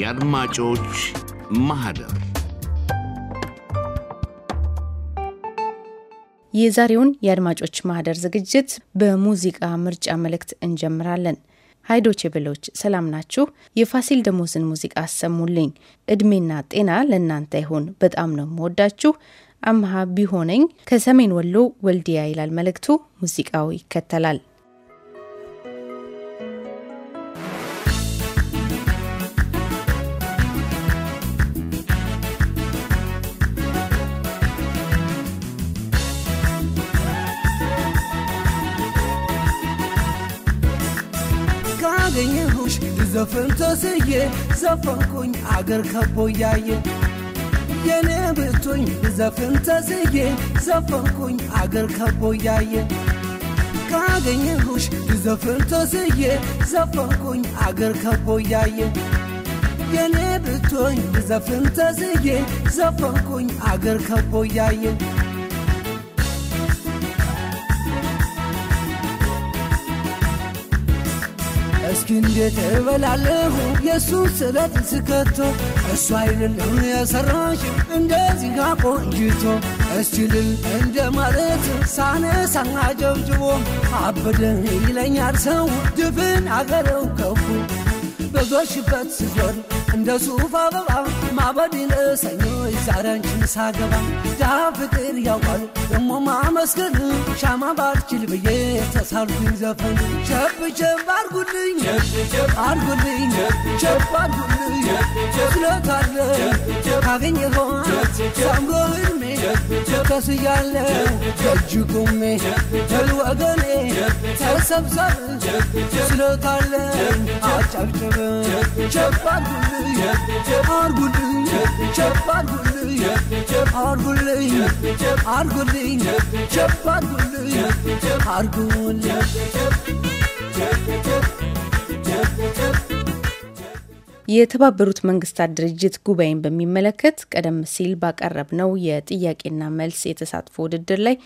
የአድማጮች ማህደር የዛሬውን የአድማጮች ማህደር ዝግጅት በሙዚቃ ምርጫ መልእክት እንጀምራለን። ሀይዶች ብሎች ሰላም ናችሁ። የፋሲል ደሞዝን ሙዚቃ አሰሙልኝ። እድሜና ጤና ለእናንተ ይሁን። በጣም ነው የምወዳችሁ። አምሃ ቢሆነኝ ከሰሜን ወሎ ወልዲያ ይላል መልእክቱ። ሙዚቃው ይከተላል። ክፍል ተስዬ ዘፈንኩኝ አገር ከቦ እያየ የኔ ብቱኝ ብዘፍን ተስዬ ዘፈንኩኝ አገር ከቦ እያየ ካገኘሁሽ ብዘፍን ተስዬ ዘፈንኩኝ አገር ከቦ እያየ የኔ ብቱኝ ብዘፍን ተስዬ ዘፈንኩኝ አገር ከቦ እያየ እስኪ እንዴት እበላለሁ የእሱን ስለት ስከቶ እሱ አይደለም የሰራሽ እንደዚህ ቆንጅቶ እስቲ እንደ ማለት ሳነሳ አጀብጅቦ አበደ ይለኛል ሰው ድፍን አገረው ከፉ በዞሽበት ስዞር እንደ ሱፍ አበባ ማበድ ለሰኞ ይዛረንችን ሳገባ ዳ ፍቅር ያውቃል ደሞ ማመስገን ሻማ ባልችል ብዬ ተሳልኩኝ ዘፈን ሸብቸብ አርጉልኝ አርጉልኝ ሸብ አርጉልኝ ስለታለ ካገኘኸዋ ሳምሮ እድሜ ከስያለ እጅ ቁሜ ወገኔ ተሰብሰብ ስለታለ አጨብጭብ የተባበሩት መንግስታት ድርጅት ጉባኤን በሚመለከት ቀደም ሲል ባቀረብነው የጥያቄና መልስ የተሳትፎ ውድድር ላይ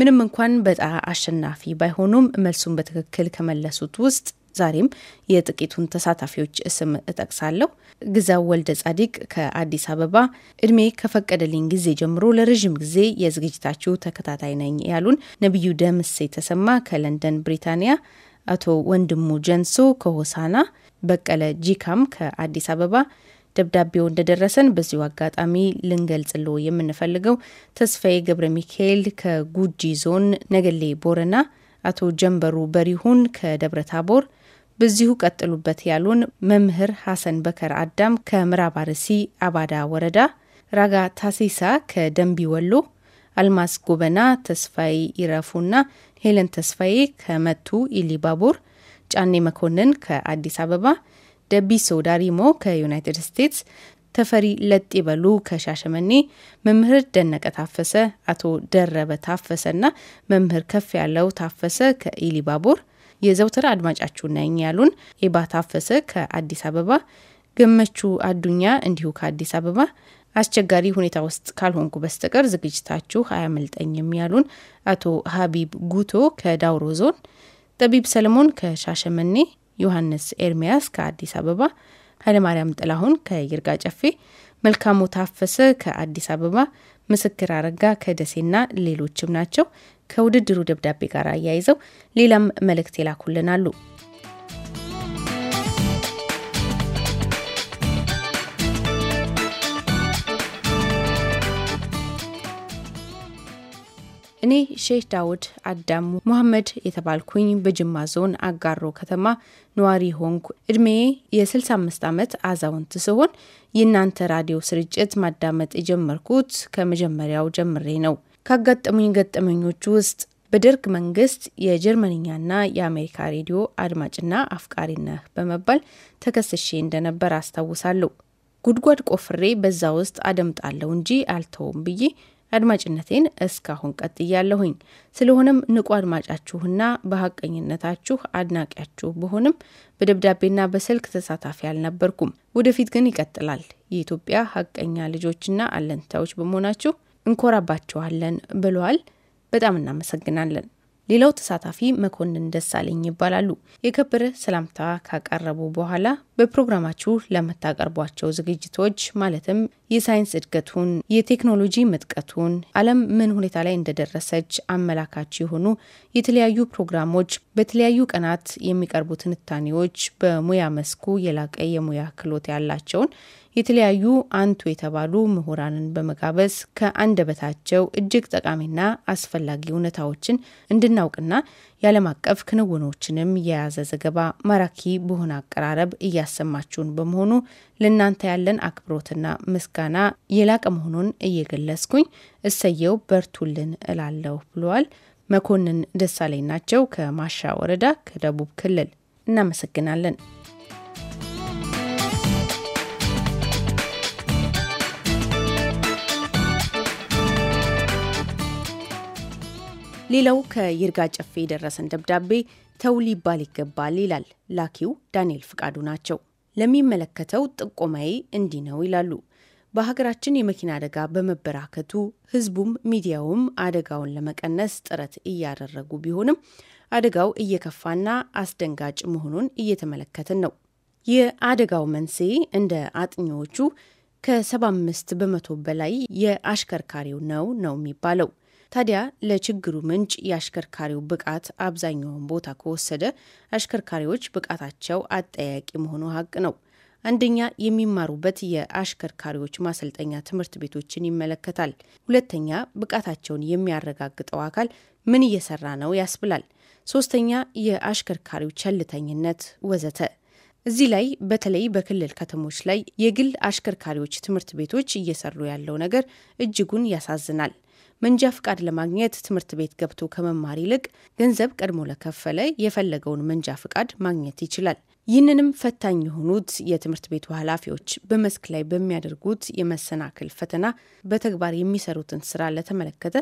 ምንም እንኳን በጣ አሸናፊ ባይሆኑም መልሱን በትክክል ከመለሱት ውስጥ ዛሬም የጥቂቱን ተሳታፊዎች ስም እጠቅሳለሁ። ግዛው ወልደ ጻዲቅ ከአዲስ አበባ እድሜ ከፈቀደልኝ ጊዜ ጀምሮ ለረዥም ጊዜ የዝግጅታችሁ ተከታታይ ነኝ ያሉን፣ ነቢዩ ደምሴ ተሰማ ከለንደን ብሪታንያ፣ አቶ ወንድሙ ጀንሶ ከሆሳና፣ በቀለ ጂካም ከአዲስ አበባ ደብዳቤው እንደደረሰን በዚሁ አጋጣሚ ልንገልጽሎ የምንፈልገው ተስፋዬ ገብረ ሚካኤል ከጉጂ ዞን ነገሌ ቦረና፣ አቶ ጀንበሩ በሪሁን ከደብረ ታቦር በዚሁ ቀጥሉበት ያሉን መምህር ሐሰን በከር አዳም ከምዕራብ አርሲ አባዳ ወረዳ፣ ራጋ ታሲሳ ከደንቢ ወሎ፣ አልማስ ጎበና ተስፋዬ ይረፉና ሄለን ተስፋዬ ከመቱ ኢሊባቡር፣ ጫኔ መኮንን ከአዲስ አበባ፣ ደቢሶ ዳሪሞ ከዩናይትድ ስቴትስ፣ ተፈሪ ለጥ ይበሉ ከሻሸመኔ፣ መምህር ደነቀ ታፈሰ፣ አቶ ደረበ ታፈሰና መምህር ከፍ ያለው ታፈሰ ከኢሊባቡር የዘውትር አድማጫችሁ ነኝ ያሉን ኤባ ታፈሰ ከአዲስ አበባ፣ ገመቹ አዱኛ እንዲሁ ከአዲስ አበባ አስቸጋሪ ሁኔታ ውስጥ ካልሆንኩ በስተቀር ዝግጅታችሁ አያመልጠኝም ያሉን አቶ ሀቢብ ጉቶ ከዳውሮ ዞን፣ ጠቢብ ሰለሞን ከሻሸመኔ፣ ዮሐንስ ኤርሚያስ ከአዲስ አበባ፣ ኃይለማርያም ጥላሁን ከይርጋ ጨፌ፣ መልካሙ ታፈሰ ከአዲስ አበባ፣ ምስክር አረጋ ከደሴና ሌሎችም ናቸው። ከውድድሩ ደብዳቤ ጋር አያይዘው ሌላም መልእክት የላኩልን አሉ። እኔ ሼህ ዳውድ አዳሙ ሙሐመድ የተባልኩኝ በጅማ ዞን አጋሮ ከተማ ነዋሪ ሆንኩ። እድሜዬ የ65 ዓመት አዛውንት ሲሆን የእናንተ ራዲዮ ስርጭት ማዳመጥ የጀመርኩት ከመጀመሪያው ጀምሬ ነው። ካጋጠሙኝ ገጠመኞች ውስጥ በደርግ መንግስት የጀርመንኛና የአሜሪካ ሬዲዮ አድማጭና አፍቃሪነህ በመባል ተከስሼ እንደነበር አስታውሳለሁ። ጉድጓድ ቆፍሬ በዛ ውስጥ አደምጣለሁ እንጂ አልተውም ብዬ አድማጭነቴን እስካሁን ቀጥያለሁኝ። ስለሆነም ንቁ አድማጫችሁና በሀቀኝነታችሁ አድናቂያችሁ ብሆንም በደብዳቤና በስልክ ተሳታፊ አልነበርኩም። ወደፊት ግን ይቀጥላል። የኢትዮጵያ ሀቀኛ ልጆችና አለንታዎች በመሆናችሁ እንኮራባቸዋለን ብሏል በጣም እናመሰግናለን። ሌላው ተሳታፊ መኮንን ደሳለኝ ይባላሉ። የከበረ ሰላምታ ካቀረቡ በኋላ በፕሮግራማችሁ ለምታቀርቧቸው ዝግጅቶች ማለትም የሳይንስ እድገቱን፣ የቴክኖሎጂ ምጥቀቱን፣ ዓለም ምን ሁኔታ ላይ እንደደረሰች አመላካች የሆኑ የተለያዩ ፕሮግራሞች፣ በተለያዩ ቀናት የሚቀርቡ ትንታኔዎች፣ በሙያ መስኩ የላቀ የሙያ ክህሎት ያላቸውን የተለያዩ አንቱ የተባሉ ምሁራንን በመጋበዝ ከአንደበታቸው እጅግ ጠቃሚና አስፈላጊ እውነታዎችን እንድናውቅና የዓለም አቀፍ ክንውኖችንም የያዘ ዘገባ ማራኪ በሆነ አቀራረብ እያሰማችሁን በመሆኑ ለእናንተ ያለን አክብሮትና ምስጋና የላቀ መሆኑን እየገለጽኩኝ እሰየው በርቱልን እላለሁ ብለዋል። መኮንን ደሳለኝ ናቸው ከማሻ ወረዳ ከደቡብ ክልል። እናመሰግናለን። ሌላው ከይርጋ ጨፌ የደረሰን ደብዳቤ ተው ሊባል ይገባል ይላል። ላኪው ዳንኤል ፍቃዱ ናቸው። ለሚመለከተው ጥቆማዬ እንዲህ ነው ይላሉ። በሀገራችን የመኪና አደጋ በመበራከቱ ህዝቡም ሚዲያውም አደጋውን ለመቀነስ ጥረት እያደረጉ ቢሆንም አደጋው እየከፋና አስደንጋጭ መሆኑን እየተመለከትን ነው። የአደጋው መንስኤ እንደ አጥኚዎቹ ከ75 በመቶ በላይ የአሽከርካሪው ነው ነው የሚባለው። ታዲያ ለችግሩ ምንጭ የአሽከርካሪው ብቃት አብዛኛውን ቦታ ከወሰደ አሽከርካሪዎች ብቃታቸው አጠያቂ መሆኑ ሀቅ ነው። አንደኛ የሚማሩበት የአሽከርካሪዎች ማሰልጠኛ ትምህርት ቤቶችን ይመለከታል። ሁለተኛ ብቃታቸውን የሚያረጋግጠው አካል ምን እየሰራ ነው ያስብላል። ሶስተኛ የአሽከርካሪው ቸልተኝነት ወዘተ። እዚህ ላይ በተለይ በክልል ከተሞች ላይ የግል አሽከርካሪዎች ትምህርት ቤቶች እየሰሩ ያለው ነገር እጅጉን ያሳዝናል። መንጃ ፍቃድ ለማግኘት ትምህርት ቤት ገብቶ ከመማር ይልቅ ገንዘብ ቀድሞ ለከፈለ የፈለገውን መንጃ ፍቃድ ማግኘት ይችላል። ይህንንም ፈታኝ የሆኑት የትምህርት ቤቱ ኃላፊዎች በመስክ ላይ በሚያደርጉት የመሰናክል ፈተና በተግባር የሚሰሩትን ስራ ለተመለከተ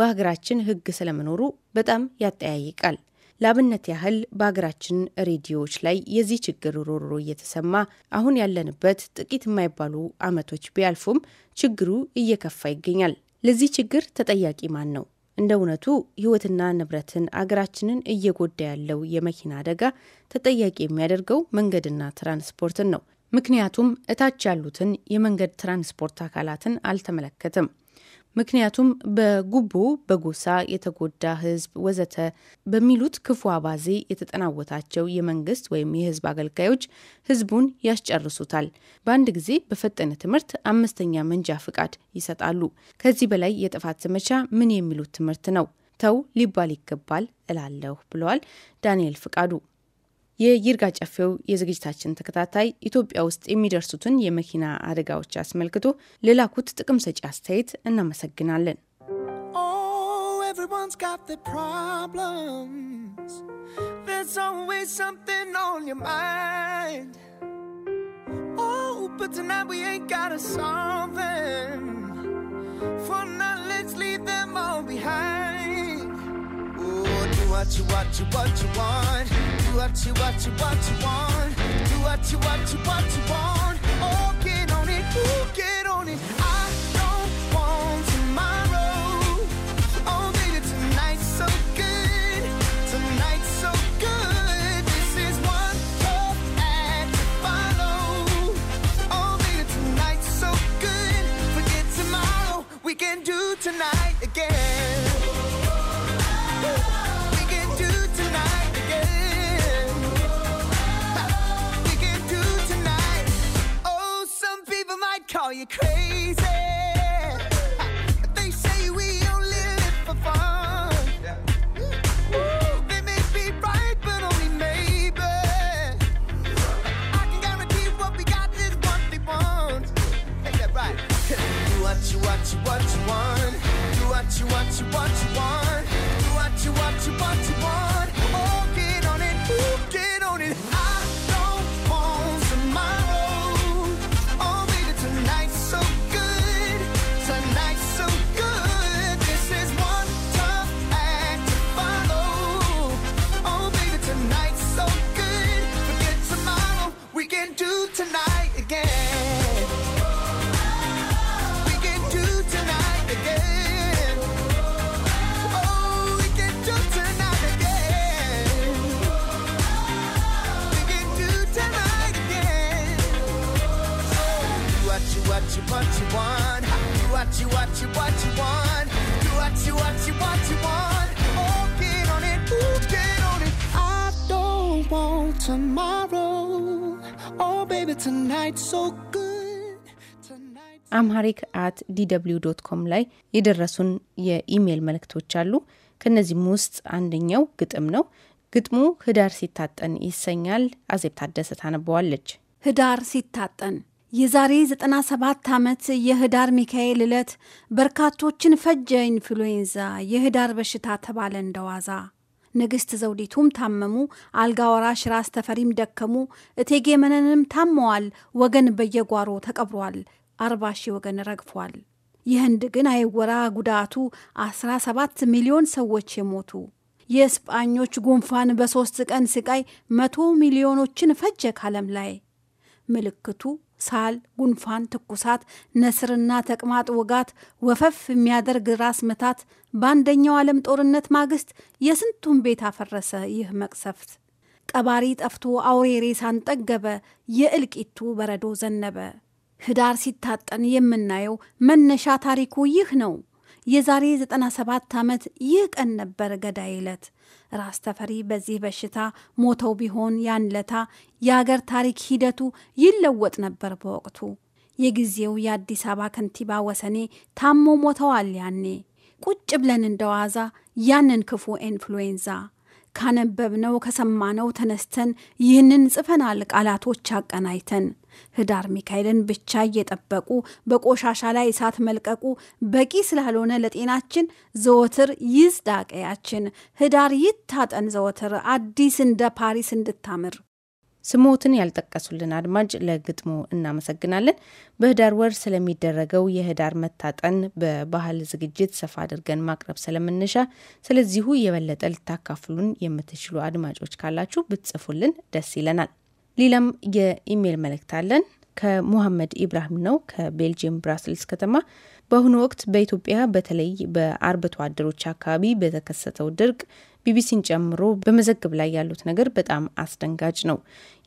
በሀገራችን ሕግ ስለመኖሩ በጣም ያጠያይቃል። ለአብነት ያህል በሀገራችን ሬዲዮዎች ላይ የዚህ ችግር ሮሮ እየተሰማ አሁን ያለንበት ጥቂት የማይባሉ አመቶች ቢያልፉም ችግሩ እየከፋ ይገኛል። ለዚህ ችግር ተጠያቂ ማን ነው? እንደ እውነቱ ህይወትና ንብረትን አገራችንን እየጎዳ ያለው የመኪና አደጋ ተጠያቂ የሚያደርገው መንገድና ትራንስፖርትን ነው። ምክንያቱም እታች ያሉትን የመንገድ ትራንስፖርት አካላትን አልተመለከትም። ምክንያቱም በጉቦ በጎሳ የተጎዳ ህዝብ ወዘተ በሚሉት ክፉ አባዜ የተጠናወታቸው የመንግስት ወይም የህዝብ አገልጋዮች ህዝቡን ያስጨርሱታል። በአንድ ጊዜ በፈጠነ ትምህርት አምስተኛ መንጃ ፍቃድ ይሰጣሉ። ከዚህ በላይ የጥፋት ዘመቻ ምን የሚሉት ትምህርት ነው? ተው ሊባል ይገባል እላለሁ ብለዋል ዳንኤል ፍቃዱ። የይርጋ ጨፌው የዝግጅታችን ተከታታይ ኢትዮጵያ ውስጥ የሚደርሱትን የመኪና አደጋዎች አስመልክቶ ለላኩት ጥቅም ሰጪ አስተያየት እናመሰግናለን። Oh, what you what you what you want. Do what you what you what you want. Do what you what you what you want. Oh, get on it, ooh, get on it. I what you want. Do what you want, you want, you want. አምሃሪክ አት ዲደብሊው ዶት ላይ የደረሱን የኢሜይል መልእክቶች አሉ። ከእነዚህም ውስጥ አንደኛው ግጥም ነው። ግጥሙ ህዳር ሲታጠን ይሰኛል። አዜብ ታደሰ ታነበዋለች። ህዳር ሲታጠን የዛሬ 97 ዓመት የህዳር ሚካኤል ዕለት በርካቶችን ፈጀ ኢንፍሉዌንዛ። የህዳር በሽታ ተባለ እንደዋዛ። ንግሥት ዘውዲቱም ታመሙ፣ አልጋ ወራሽ ራስ ተፈሪም ደከሙ፣ እቴጌ መነንም ታመዋል። ወገን በየጓሮ ተቀብሯል፣ አርባ ሺህ ወገን ረግፏል። የህንድ ግን አይወራ ጉዳቱ፣ 17 ሚሊዮን ሰዎች የሞቱ የስጳኞች ጉንፋን በሦስት ቀን ስቃይ መቶ ሚሊዮኖችን ፈጀ ካለም ላይ ምልክቱ ሳል፣ ጉንፋን፣ ትኩሳት፣ ነስርና ተቅማጥ ውጋት፣ ወፈፍ የሚያደርግ ራስ ምታት በአንደኛው ዓለም ጦርነት ማግስት የስንቱን ቤት አፈረሰ ይህ መቅሰፍት። ቀባሪ ጠፍቶ አውሬ ሬሳን ጠገበ፣ የእልቂቱ በረዶ ዘነበ። ህዳር ሲታጠን የምናየው መነሻ ታሪኩ ይህ ነው። የዛሬ 97 ዓመት ይህ ቀን ነበር ገዳይ ዕለት። ራስ ተፈሪ በዚህ በሽታ ሞተው ቢሆን ያን ለታ የአገር ታሪክ ሂደቱ ይለወጥ ነበር በወቅቱ። የጊዜው የአዲስ አበባ ከንቲባ ወሰኔ ታሞ ሞተዋል ያኔ ቁጭ ብለን እንደዋዛ ያንን ክፉ ኢንፍሉዌንዛ ካነበብነው ከሰማነው ተነስተን ይህንን ጽፈናል። ቃላቶች አቀናይተን ህዳር ሚካኤልን ብቻ እየጠበቁ በቆሻሻ ላይ እሳት መልቀቁ በቂ ስላልሆነ ለጤናችን ዘወትር ይዝዳ ቀያችን፣ ህዳር ይታጠን ዘወትር አዲስ እንደ ፓሪስ እንድታምር ስሞትን ያልጠቀሱልን አድማጭ ለግጥሙ እናመሰግናለን። በህዳር ወር ስለሚደረገው የህዳር መታጠን በባህል ዝግጅት ሰፋ አድርገን ማቅረብ ስለምንሻ ስለዚሁ የበለጠ ልታካፍሉን የምትችሉ አድማጮች ካላችሁ ብትጽፉልን ደስ ይለናል። ሌላም የኢሜይል መልእክት አለን። ከሙሐመድ ኢብራሂም ነው ከቤልጅየም ብራስልስ ከተማ በአሁኑ ወቅት በኢትዮጵያ በተለይ በአርብቶ አደሮች አካባቢ በተከሰተው ድርቅ ቢቢሲን ጨምሮ በመዘግብ ላይ ያሉት ነገር በጣም አስደንጋጭ ነው።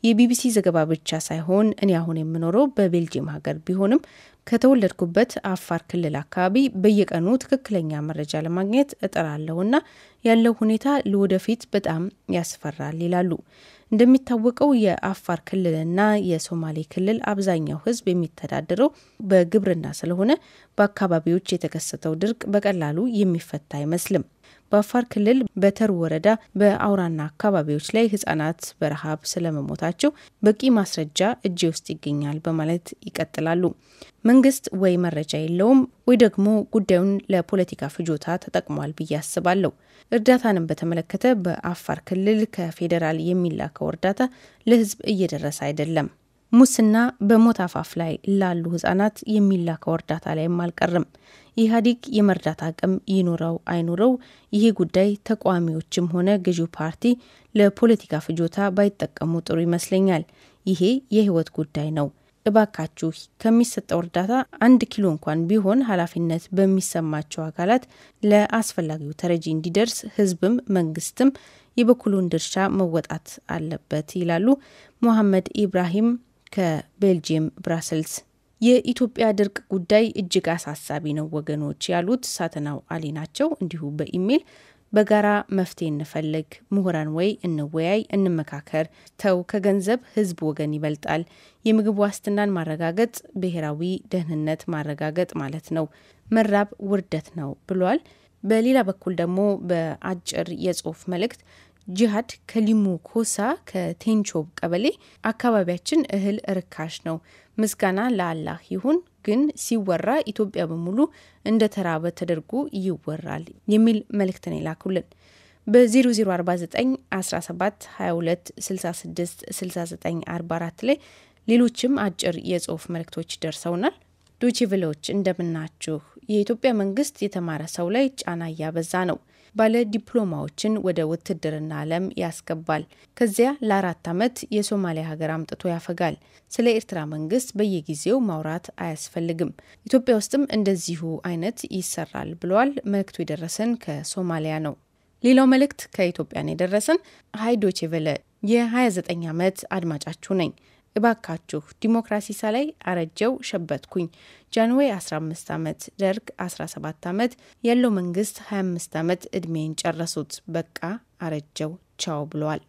የቢቢሲ ዘገባ ብቻ ሳይሆን እኔ አሁን የምኖረው በቤልጅየም ሀገር ቢሆንም ከተወለድኩበት አፋር ክልል አካባቢ በየቀኑ ትክክለኛ መረጃ ለማግኘት እጥራለሁና ያለው ሁኔታ ለወደፊት በጣም ያስፈራል ይላሉ። እንደሚታወቀው የአፋር ክልልና የሶማሌ ክልል አብዛኛው ሕዝብ የሚተዳደረው በግብርና ስለሆነ በአካባቢዎች የተከሰተው ድርቅ በቀላሉ የሚፈታ አይመስልም። በአፋር ክልል በተሩ ወረዳ በአውራና አካባቢዎች ላይ ህጻናት በረሃብ ስለመሞታቸው በቂ ማስረጃ እጅ ውስጥ ይገኛል በማለት ይቀጥላሉ። መንግስት ወይ መረጃ የለውም ወይ ደግሞ ጉዳዩን ለፖለቲካ ፍጆታ ተጠቅሟል ብዬ አስባለሁ። እርዳታንም በተመለከተ በአፋር ክልል ከፌዴራል የሚላከው እርዳታ ለህዝብ እየደረሰ አይደለም። ሙስና በሞት አፋፍ ላይ ላሉ ህጻናት የሚላከው እርዳታ ላይም አልቀርም። ኢህአዴግ የመርዳት አቅም ይኑረው አይኑረው፣ ይሄ ጉዳይ ተቃዋሚዎችም ሆነ ገዢው ፓርቲ ለፖለቲካ ፍጆታ ባይጠቀሙ ጥሩ ይመስለኛል። ይሄ የህይወት ጉዳይ ነው። እባካችሁ ከሚሰጠው እርዳታ አንድ ኪሎ እንኳን ቢሆን ኃላፊነት በሚሰማቸው አካላት ለአስፈላጊው ተረጂ እንዲደርስ ህዝብም መንግስትም የበኩሉን ድርሻ መወጣት አለበት ይላሉ ሞሐመድ ኢብራሂም ከቤልጅየም ብራሰልስ የኢትዮጵያ ድርቅ ጉዳይ እጅግ አሳሳቢ ነው ወገኖች ያሉት ሳተናው አሊ ናቸው። እንዲሁ በኢሜይል በጋራ መፍትሄ እንፈልግ፣ ምሁራን ወይ እንወያይ፣ እንመካከር፣ ተው ከገንዘብ ህዝብ ወገን ይበልጣል። የምግብ ዋስትናን ማረጋገጥ ብሔራዊ ደህንነት ማረጋገጥ ማለት ነው። መራብ ውርደት ነው ብሏል። በሌላ በኩል ደግሞ በአጭር የጽሁፍ መልእክት ጂሃድ ከሊሙ ኮሳ ከቴንቾ ቀበሌ አካባቢያችን እህል ርካሽ ነው። ምስጋና ለአላህ ይሁን። ግን ሲወራ ኢትዮጵያ በሙሉ እንደ ተራበ ተደርጎ ይወራል የሚል መልእክት ነው በ በ0049 17 22 66 69 44 ላይ ሌሎችም አጭር የጽሁፍ መልእክቶች ደርሰውናል። ዶቼ ቬለዎች እንደምናችሁ። የኢትዮጵያ መንግስት የተማረ ሰው ላይ ጫና እያበዛ ነው። ባለ ዲፕሎማዎችን ወደ ውትድርና ዓለም ያስገባል። ከዚያ ለአራት ዓመት የሶማሊያ ሀገር አምጥቶ ያፈጋል። ስለ ኤርትራ መንግስት በየጊዜው ማውራት አያስፈልግም። ኢትዮጵያ ውስጥም እንደዚሁ አይነት ይሰራል ብለዋል። መልእክቱ የደረሰን ከሶማሊያ ነው። ሌላው መልእክት ከኢትዮጵያን የደረሰን ሀይዶቼ ቬለ የ29 ዓመት አድማጫችሁ ነኝ። እባካችሁ ዲሞክራሲ ሳላይ አረጀው ሸበትኩኝ። ጃንዌይ 15 ዓመት፣ ደርግ 17 ዓመት፣ ያለው መንግስት 25 ዓመት እድሜን ጨረሱት። በቃ አረጀው ቻው ብለዋል።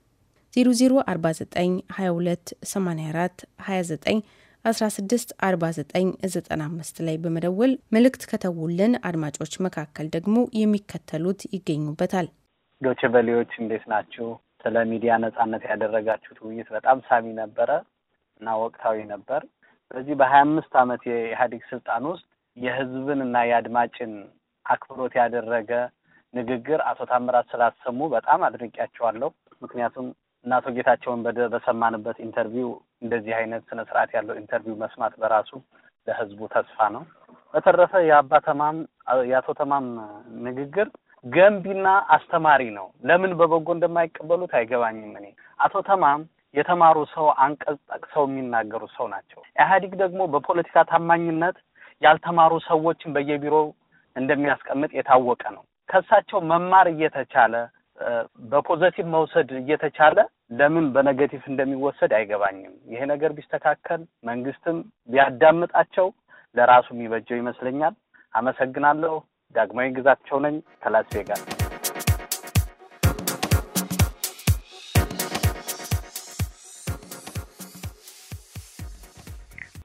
0049228429164995 ላይ በመደወል መልእክት ከተውልን አድማጮች መካከል ደግሞ የሚከተሉት ይገኙበታል። ዶችቨሌዎች እንዴት ናችሁ? ስለ ሚዲያ ነጻነት ያደረጋችሁት ውይይት በጣም ሳቢ ነበረ። እና ወቅታዊ ነበር። በዚህ በሀያ አምስት ዓመት የኢህአዴግ ስልጣን ውስጥ የህዝብን እና የአድማጭን አክብሮት ያደረገ ንግግር አቶ ታምራት ስላሰሙ በጣም አድንቄያቸዋለሁ። ምክንያቱም እና አቶ ጌታቸውን በሰማንበት ኢንተርቪው እንደዚህ አይነት ስነ ስርዓት ያለው ኢንተርቪው መስማት በራሱ ለህዝቡ ተስፋ ነው። በተረፈ የአባ ተማም የአቶ ተማም ንግግር ገንቢና አስተማሪ ነው። ለምን በበጎ እንደማይቀበሉት አይገባኝም። እኔ አቶ ተማም የተማሩ ሰው አንቀጽ ጠቅሰው የሚናገሩ ሰው ናቸው። ኢህአዲግ ደግሞ በፖለቲካ ታማኝነት ያልተማሩ ሰዎችን በየቢሮው እንደሚያስቀምጥ የታወቀ ነው። ከእሳቸው መማር እየተቻለ በፖዘቲቭ መውሰድ እየተቻለ ለምን በነገቲቭ እንደሚወሰድ አይገባኝም። ይሄ ነገር ቢስተካከል መንግስትም ቢያዳምጣቸው ለራሱ የሚበጀው ይመስለኛል። አመሰግናለሁ። ዳግማዊ ግዛቸው ነኝ ከላስ ቬጋስ።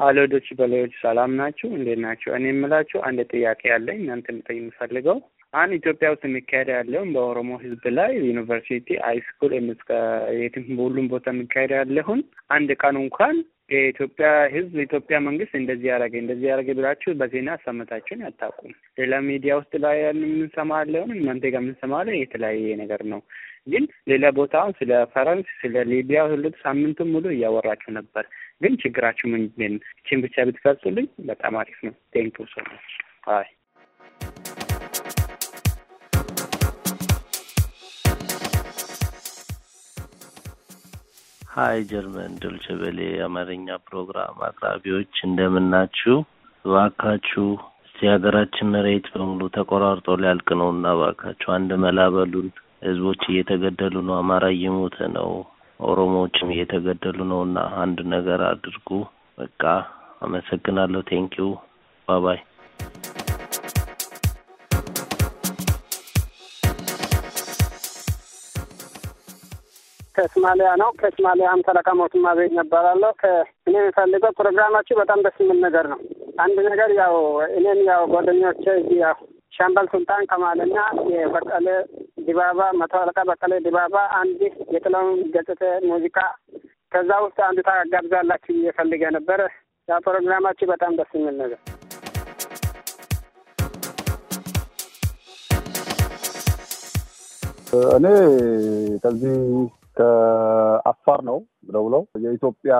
አለዶች በላዮች ሰላም ናችሁ? እንዴት ናቸው? እኔ የምላችሁ አንድ ጥያቄ ያለኝ እናንተ ምጠይ የምፈልገው አንድ ኢትዮጵያ ውስጥ የሚካሄድ ያለውን በኦሮሞ ህዝብ ላይ ዩኒቨርሲቲ ሃይስኩል የትም በሁሉም ቦታ የሚካሄድ ያለሁን አንድ ቀን እንኳን የኢትዮጵያ ህዝብ የኢትዮጵያ መንግስት እንደዚህ ያደረገ እንደዚህ ያደረገ ብላችሁ በዜና ሰምታችሁን ያታቁም። ሌላ ሚዲያ ውስጥ ላይ ያን የምንሰማለውን እናንተ ጋር የምንሰማለን የተለያየ ነገር ነው። ግን ሌላ ቦታ ስለ ፈረንስ ስለ ሊቢያ ሁሉ ሳምንቱን ሙሉ እያወራችሁ ነበር። ግን ችግራችሁ ምንድን? ችን ብቻ ብትገልጹልኝ በጣም አሪፍ ነው። ቴንክ ሶ ማች። አይ ሀይ ጀርመን ዶልቼ ቬለ የአማርኛ ፕሮግራም አቅራቢዎች እንደምናችሁ። እባካችሁ እስቲ ሀገራችን መሬት በሙሉ ተቆራርጦ ሊያልቅ ነው እና እባካችሁ አንድ መላ በሉን። ህዝቦች እየተገደሉ ነው፣ አማራ እየሞተ ነው፣ ኦሮሞዎችም እየተገደሉ ነው እና አንድ ነገር አድርጉ። በቃ አመሰግናለሁ። ቴንኪዩ ባባይ። ከሶማሊያ ነው። ከሶማሊያ አምተለቃ ሞቱማ ቤት እባላለሁ። እኔ የሚፈልገው ፕሮግራማችሁ በጣም ደስ የሚል ነገር ነው። አንድ ነገር ያው እኔም ያው ጓደኞቼ ያው ሻምበል ሱልጣን ከማልና የበቀለ ዲባባ መቶ አለቃ በቀለ ዲባባ አንድ የጥላሁን ገጽተ ሙዚቃ ከዛ ውስጥ አንዱ ታጋብዛላችሁ እየፈልገ ነበረ። ያ ፕሮግራማችሁ በጣም ደስ የሚል ነገር እኔ ከዚህ ከአፋር ነው ደውለው የኢትዮጵያ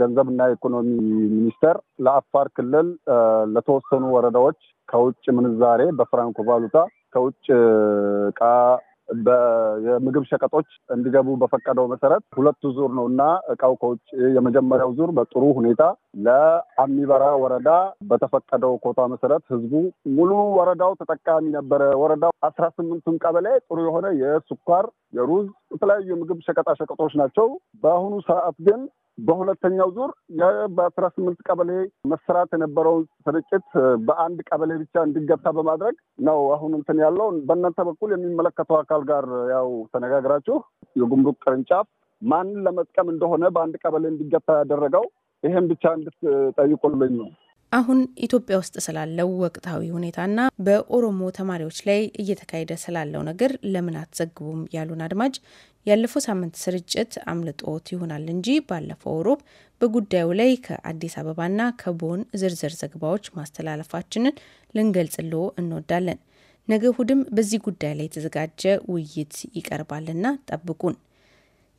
ገንዘብና ኢኮኖሚ ሚኒስቴር ለአፋር ክልል ለተወሰኑ ወረዳዎች ከውጭ ምንዛሬ በፍራንኮ ቫሉታ ከውጭ እቃ የምግብ ሸቀጦች እንዲገቡ በፈቀደው መሰረት ሁለቱ ዙር ነው እና እቃው ከውጭ የመጀመሪያው ዙር በጥሩ ሁኔታ ለአሚበራ ወረዳ በተፈቀደው ኮታ መሰረት ህዝቡ ሙሉ ወረዳው ተጠቃሚ ነበረ። ወረዳው አስራ ስምንቱን ቀበሌ ጥሩ የሆነ የስኳር፣ የሩዝ የተለያዩ የምግብ ሸቀጣ ሸቀጦች ናቸው። በአሁኑ ሰዓት ግን በሁለተኛው ዙር በአስራ ስምንት ቀበሌ መሰራት የነበረውን ስርጭት በአንድ ቀበሌ ብቻ እንዲገታ በማድረግ ነው አሁን እንትን ያለው። በእናንተ በኩል የሚመለከተው አካል ጋር ያው ተነጋግራችሁ የጉምሩክ ቅርንጫፍ ማንን ለመጥቀም እንደሆነ በአንድ ቀበሌ እንዲገታ ያደረገው ይህም ብቻ እንድትጠይቁልኝ ነው። አሁን ኢትዮጵያ ውስጥ ስላለው ወቅታዊ ሁኔታና በኦሮሞ ተማሪዎች ላይ እየተካሄደ ስላለው ነገር ለምን አትዘግቡም ያሉን አድማጭ ያለፈው ሳምንት ስርጭት አምልጦት ይሆናል እንጂ ባለፈው ሮብ በጉዳዩ ላይ ከአዲስ አበባና ከቦን ዝርዝር ዘገባዎች ማስተላለፋችንን ልንገልጽልዎ እንወዳለን። ነገ እሁድም በዚህ ጉዳይ ላይ የተዘጋጀ ውይይት ይቀርባልና ጠብቁን።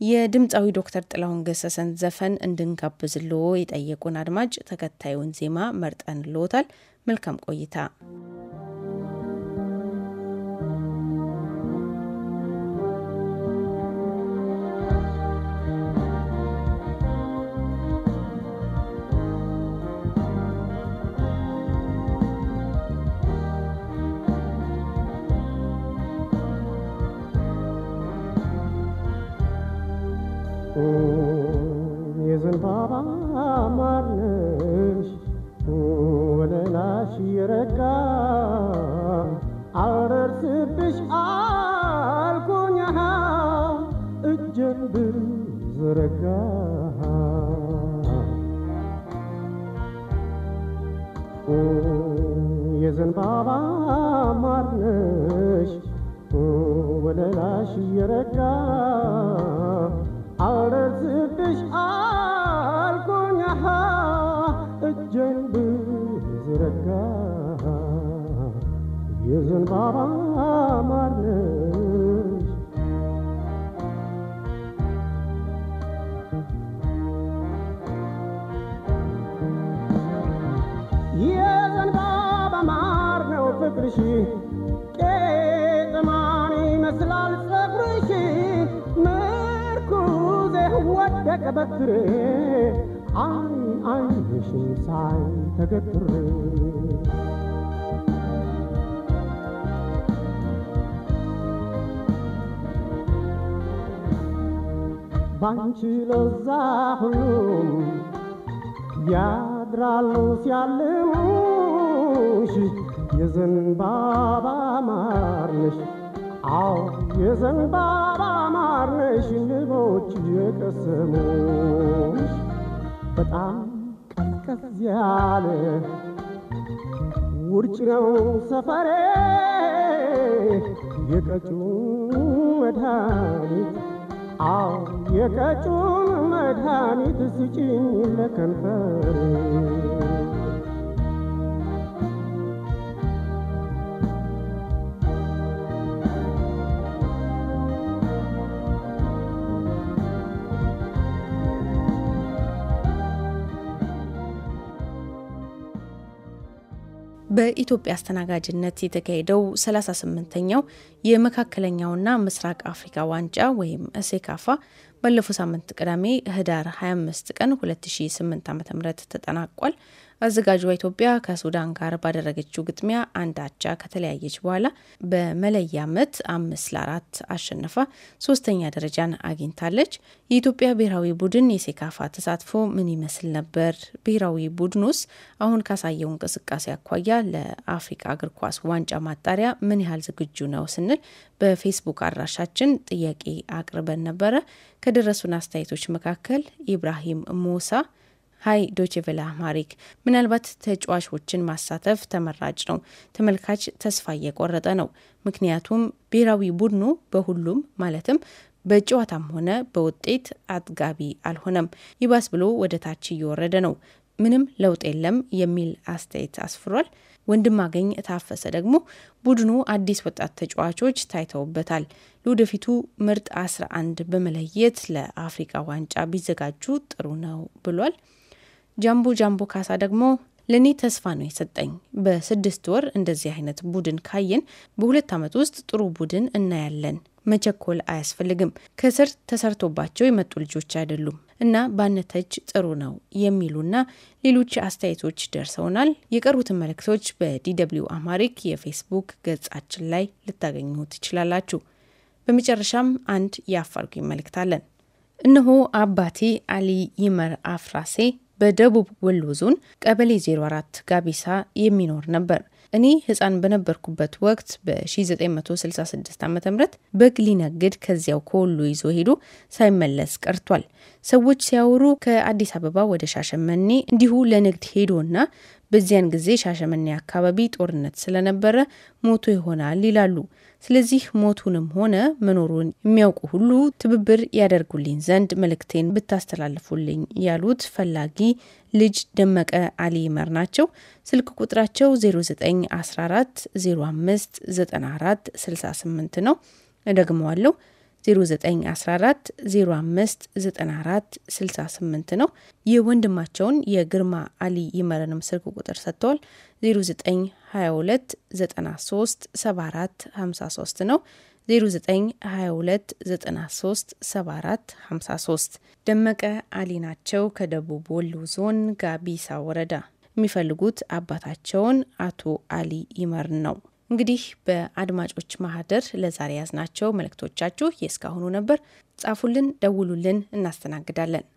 የድምፃዊ ዶክተር ጥላሁን ገሰሰን ዘፈን እንድንጋብዝልዎ የጠየቁን አድማጭ ተከታዩን ዜማ መርጠን ልዎታል። መልካም ቆይታ የዘንባባ ማርነሽ ወለላሽ እየረጋ አረዝቅሽ አልኮኛሃ እጀን ብዝረጋ የዘንባባ ማርነሽ ፀጉርሽ ቄጥማን ይመስላል ፀጉርሽ ምርኩዜ ወደቀ በትሬ አይ አይንሽን ሳይ ተገትሬ ባንቺ ለዛ ሁሉም ያድራሉ ሲያልሙሽ የዘንባባ ማርነሽ አዎ የዘንባባ ማርነሽ ንቦች የቀሰሙሽ በጣም ቀዝቀዝ ያለ ውርጭ ነው ሰፈሬ የቀጩን መድኃኒት አዎ የቀጩን መድኃኒት ስጭኝ ለከንፈሬ በኢትዮጵያ አስተናጋጅነት የተካሄደው 38ኛው የመካከለኛውና ምስራቅ አፍሪካ ዋንጫ ወይም እሴካፋ ባለፈው ሳምንት ቅዳሜ ህዳር 25 ቀን 2008 ዓ.ም ተጠናቋል። አዘጋጇ ኢትዮጵያ ከሱዳን ጋር ባደረገችው ግጥሚያ አንድ አቻ ከተለያየች በኋላ በመለያ ምት አምስት ለአራት አሸንፋ ሶስተኛ ደረጃን አግኝታለች። የኢትዮጵያ ብሔራዊ ቡድን የሴካፋ ተሳትፎ ምን ይመስል ነበር? ብሔራዊ ቡድኑስ አሁን ካሳየው እንቅስቃሴ አኳያ ለአፍሪካ እግር ኳስ ዋንጫ ማጣሪያ ምን ያህል ዝግጁ ነው ስንል በፌስቡክ አድራሻችን ጥያቄ አቅርበን ነበረ። ከደረሱን አስተያየቶች መካከል ኢብራሂም ሙሳ ሀይ ዶቼ ቬለ አማሪክ። ምናልባት ተጫዋቾችን ማሳተፍ ተመራጭ ነው። ተመልካች ተስፋ እየቆረጠ ነው። ምክንያቱም ብሔራዊ ቡድኑ በሁሉም ማለትም በጨዋታም ሆነ በውጤት አጥጋቢ አልሆነም። ይባስ ብሎ ወደ ታች እየወረደ ነው። ምንም ለውጥ የለም የሚል አስተያየት አስፍሯል። ወንድማገኝ ታፈሰ ደግሞ ቡድኑ አዲስ ወጣት ተጫዋቾች ታይተውበታል፣ ለወደፊቱ ምርጥ 11 በመለየት ለአፍሪካ ዋንጫ ቢዘጋጁ ጥሩ ነው ብሏል። ጃምቦ ጃምቦ ካሳ ደግሞ ለእኔ ተስፋ ነው የሰጠኝ። በስድስት ወር እንደዚህ አይነት ቡድን ካየን በሁለት ዓመት ውስጥ ጥሩ ቡድን እናያለን። መቸኮል አያስፈልግም። ከስር ተሰርቶባቸው የመጡ ልጆች አይደሉም እና ባነተች ጥሩ ነው የሚሉና ሌሎች አስተያየቶች ደርሰውናል። የቀሩትን መልእክቶች በዲደብሊው አማሪክ የፌስቡክ ገጻችን ላይ ልታገኙ ትችላላችሁ። በመጨረሻም አንድ የአፋልጉኝ መልእክት አለን። እነሆ አባቴ አሊ ይመር አፍራሴ በደቡብ ወሎ ዞን ቀበሌ 04 ጋቢሳ የሚኖር ነበር። እኔ ህፃን በነበርኩበት ወቅት በ1966 ዓ ም በግ ሊነግድ ከዚያው ከወሎ ይዞ ሄዶ ሳይመለስ ቀርቷል። ሰዎች ሲያወሩ ከአዲስ አበባ ወደ ሻሸመኔ እንዲሁ ለንግድ ሄዶና በዚያን ጊዜ ሻሸመኔ አካባቢ ጦርነት ስለነበረ ሞቶ ይሆናል ይላሉ። ስለዚህ ሞቱንም ሆነ መኖሩን የሚያውቁ ሁሉ ትብብር ያደርጉልኝ ዘንድ መልእክቴን ብታስተላልፉልኝ ያሉት ፈላጊ ልጅ ደመቀ አሊ መር ናቸው። ስልክ ቁጥራቸው 0914 05 94 68 ነው። እደግመዋለሁ 0914 ነው። 94 68 ነው። የወንድማቸውን የግርማ አሊ ይመረንም ስልክ ቁጥር ሰጥተዋል። 0922 93 74 ነው። 0922 93 ደመቀ አሊ ናቸው። ከደቡብ ወሎ ዞን ጋቢሳ ወረዳ የሚፈልጉት አባታቸውን አቶ አሊ ይመርን ነው። እንግዲህ በአድማጮች ማህደር ለዛሬ ያዝናቸው መልእክቶቻችሁ የእስካሁኑ ነበር። ጻፉልን፣ ደውሉልን፣ እናስተናግዳለን።